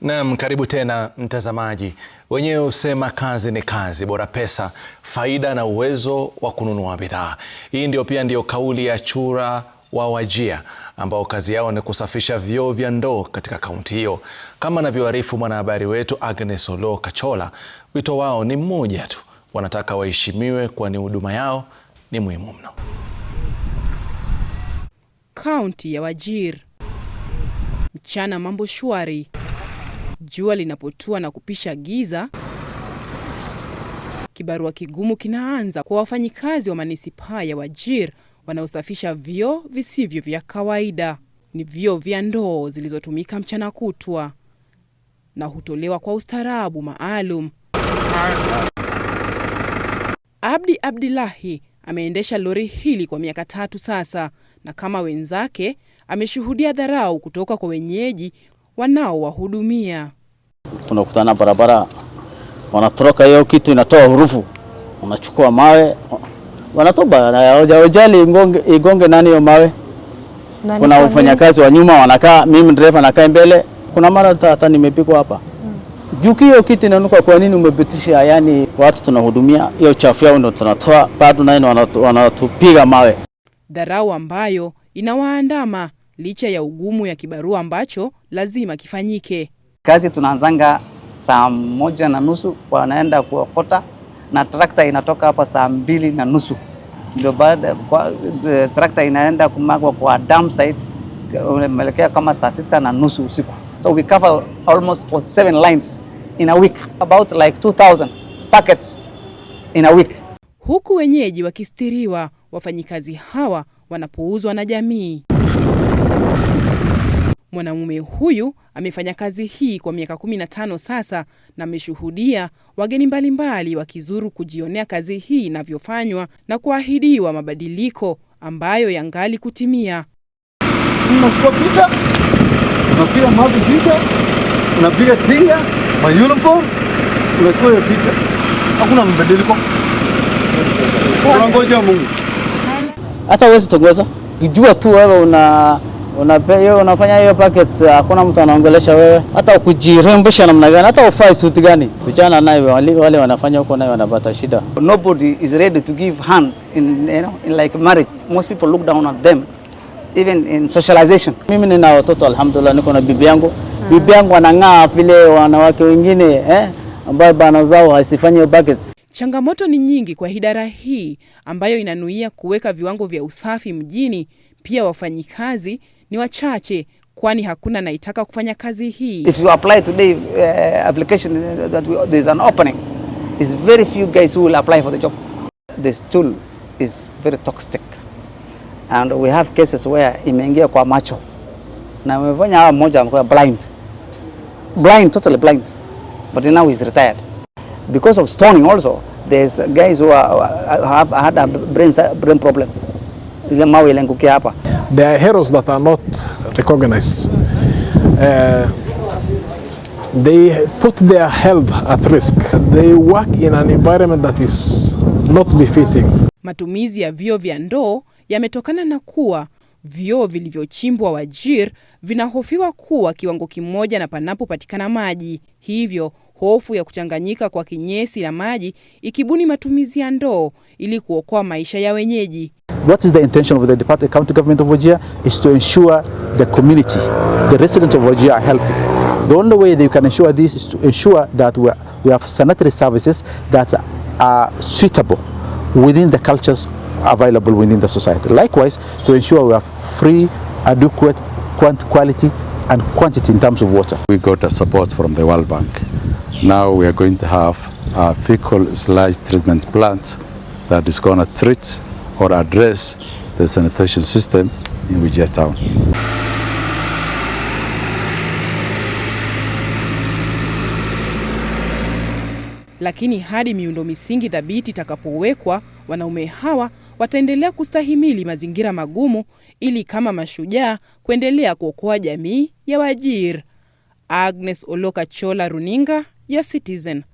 Naam, karibu tena mtazamaji. Wenyewe husema kazi ni kazi, bora pesa, faida na uwezo wa kununua bidhaa. Hii ndio pia ndiyo kauli ya chura wa Wajir ambao kazi yao ni kusafisha vyoo vya ndoo katika kaunti hiyo. Kama anavyoarifu mwanahabari wetu Agnes Olo Kachola, wito wao ni mmoja tu, wanataka waheshimiwe, kwani huduma yao ni muhimu mno. Kaunti ya Wajir, mchana mambo shwari. Jua linapotua na kupisha giza, kibarua kigumu kinaanza kwa wafanyikazi wa manisipaa ya Wajir wanaosafisha vyoo visivyo vya kawaida. Ni vyoo vya ndoo zilizotumika mchana kutwa na hutolewa kwa ustaarabu maalum. Abdi Abdilahi ameendesha lori hili kwa miaka tatu sasa, na kama wenzake ameshuhudia dharau kutoka kwa wenyeji wanaowahudumia. Tunakutana barabara, wanatoroka hiyo kitu inatoa hurufu, wanachukua mawe wanatupa, hawajali igonge nani hiyo mawe. Kuna wafanyakazi wa nyuma wanakaa, mimi dereva nakae mbele. Kuna mara hata nimepikwa hapa mm. juki hiyo kitu inanuka. Kwa nini umepitisha? Yani watu tunahudumia hiyo chafu yao ndio tunatoa, bado nayo wanatupiga mawe. Dharau ambayo inawaandama licha ya ugumu ya kibarua ambacho lazima kifanyike. Kazi tunaanzanga saa moja na nusu wanaenda kuokota na trakta inatoka hapa saa mbili na nusu ndio baada eh, trakta inaenda kumagwa kwa dump site unaelekea kama saa sita na nusu usiku. So we cover almost seven lines in a week about like 2000 packets in a week. Huku wenyeji wakistiriwa wafanyikazi hawa wanapouzwa na jamii. Mwanamume huyu amefanya kazi hii kwa miaka 15 sasa na ameshuhudia wageni mbalimbali wakizuru kujionea kazi hii inavyofanywa na kuahidiwa mabadiliko ambayo yangali kutimia. Nachukua picha, napiga mavi picha, napiga tinga ma uniform, unachukua hiyo picha. Hakuna mabadiliko, unangoja Mungu. Hata huwezi tongoza, ijua tu wewe una Una, unafanya hiyo packets, hakuna mtu anaongelesha wewe, hata ukujirembesha namna gani, hata ufai suti gani, vijana naye wale wale wanafanya huko naye wanapata shida. Nobody is ready to give hand in, you know, in like marriage. Most people look down on them even in socialization. Mimi nina watoto alhamdulillah, niko na bibi yangu hmm. Bibi yangu anang'aa vile wanawake wengine eh, ambayo bana zao hasifanye packets. Changamoto ni nyingi kwa idara hii ambayo inanuia kuweka viwango vya usafi mjini, pia wafanyikazi ni wachache, kwani hakuna anayetaka kufanya kazi hii. If you apply today, uh, application that we, there is an opening, is very few guys who will apply for the job. This tool is very toxic and we have cases where imeingia kwa macho na wamefanya hawa mmoja amekuwa blind blind totally blind but now he's retired because of stoning also there's guys who are, have had a brain, brain problem ile mawe ile ngukia hapa There are heroes that are not recognized. Uh, they put their health at risk. They work in an environment that is not befitting. Matumizi ya vyoo vya ndoo yametokana na kuwa vyoo vilivyochimbwa Wajir vinahofiwa kuwa kiwango kimoja na panapopatikana maji, hivyo hofu ya kuchanganyika kwa kinyesi na maji ikibuni matumizi ya ndoo ili kuokoa maisha ya wenyeji. What is the intention of the department, county government of Wajir is to ensure the community, the residents of Wajir are healthy. The only way that you can ensure this is to ensure that we, we have sanitary services that are suitable within the cultures available within the society. Likewise, to ensure we have free, adequate quant quality and quantity in terms of water. We got a support from the World Bank. Now we are going to have a fecal sludge treatment plant that is going to treat or address the sanitation system in Wajir town. Lakini hadi miundo misingi thabiti itakapowekwa, wanaume hawa wataendelea kustahimili mazingira magumu ili kama mashujaa kuendelea kuokoa jamii ya Wajir. Agnes Oloka Chola, Runinga ya Citizen.